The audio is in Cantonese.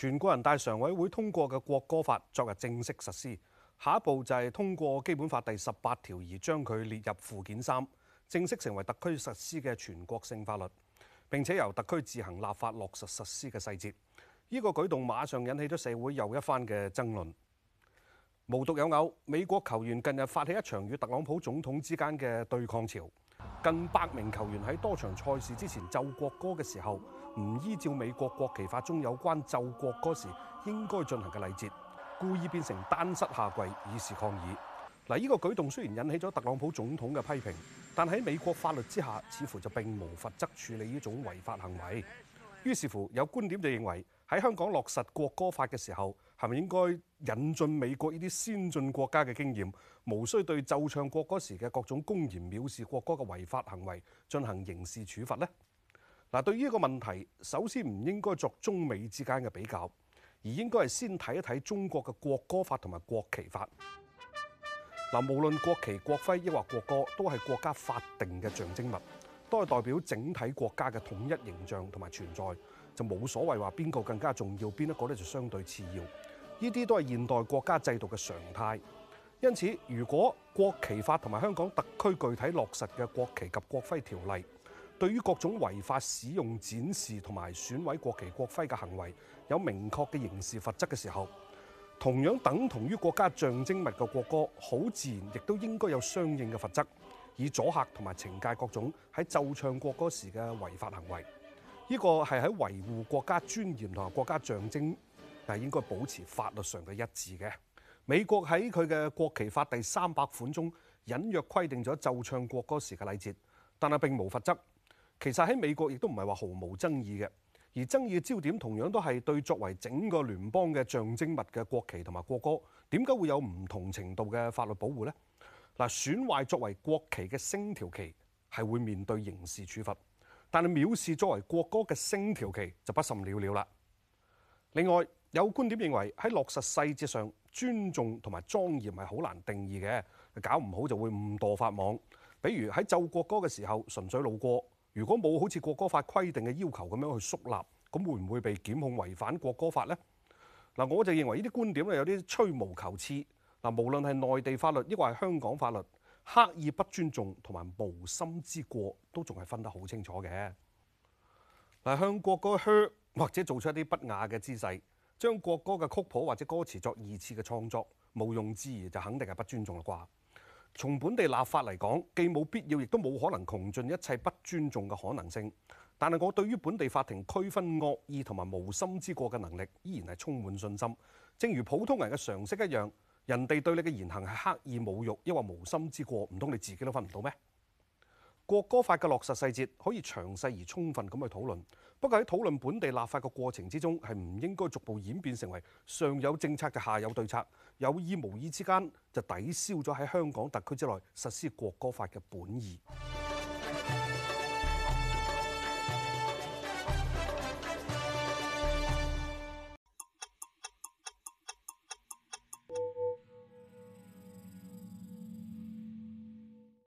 全國人大常委會通過嘅國歌法，昨日正式實施。下一步就係通過基本法第十八條，而將佢列入附件三，正式成為特區實施嘅全國性法律，並且由特區自行立法落實實施嘅細節。呢個舉動馬上引起咗社會又一番嘅爭論。無獨有偶，美國球員近日發起一場與特朗普總統之間嘅對抗潮。近百名球員喺多場賽事之前奏國歌嘅時候，唔依照美國國旗法中有關奏國歌時應該進行嘅禮節，故意變成單膝下跪，以示抗議。嗱，呢個舉動雖然引起咗特朗普總統嘅批評，但喺美國法律之下，似乎就並無法則處理呢種違法行為。於是乎有觀點就認為喺香港落實國歌法嘅時候，係咪應該引進美國呢啲先進國家嘅經驗，無需對奏唱國歌時嘅各種公然藐視國歌嘅違法行為進行刑事處罰呢？嗱，對於呢個問題，首先唔應該作中美之間嘅比較，而應該係先睇一睇中國嘅國歌法同埋國旗法。嗱，無論國旗、國徽抑或國歌，都係國家法定嘅象徵物。都係代表整體國家嘅統一形象同埋存在，就冇所謂話邊個更加重要，邊一個咧就相對次要。呢啲都係現代國家制度嘅常態。因此，如果國旗法同埋香港特區具體落實嘅國旗及國徽條例，對於各種違法使用展示同埋損毀國旗國徽嘅行為，有明確嘅刑事罰則嘅時候，同樣等同於國家象徵物嘅國歌，好自然亦都應該有相應嘅罰則。以阻吓同埋懲戒各種喺奏唱國歌時嘅違法行為，呢個係喺維護國家尊嚴同埋國家象徵，係應該保持法律上嘅一致嘅。美國喺佢嘅國旗法第三百款中隱約規定咗奏唱國歌時嘅禮節，但係並無罰則。其實喺美國亦都唔係話毫無爭議嘅，而爭議嘅焦點同樣都係對作為整個聯邦嘅象徵物嘅國旗同埋國歌，點解會有唔同程度嘅法律保護呢？嗱，損壞作為國旗嘅星條旗係會面對刑事處罰，但係藐視作為國歌嘅星條旗就不甚了了啦。另外，有觀點認為喺落實細節上，尊重同埋莊嚴係好難定義嘅，搞唔好就會誤墮法網。比如喺奏國歌嘅時候，純粹路過，如果冇好似國歌法規定嘅要求咁樣去肅立，咁會唔會被檢控違反國歌法呢？嗱，我就認為呢啲觀點咧有啲吹毛求疵。嗱，無論係內地法律，抑或係香港法律，刻意不尊重同埋無心之過，都仲係分得好清楚嘅。嗱，向國歌噓或者做出一啲不雅嘅姿勢，將國歌嘅曲譜或者歌詞作二次嘅創作，毋庸置疑就肯定係不尊重啦啩。從本地立法嚟講，既冇必要，亦都冇可能窮盡一切不尊重嘅可能性。但係我對於本地法庭區分惡意同埋無心之過嘅能力，依然係充滿信心。正如普通人嘅常識一樣。人哋對你嘅言行係刻意侮辱，抑或無心之過，唔通你自己都分唔到咩？國歌法嘅落實細節可以詳細而充分咁去討論，不過喺討論本地立法嘅過程之中，係唔應該逐步演變成為上有政策就下有對策，有意無意之間就抵消咗喺香港特區之內實施國歌法嘅本意。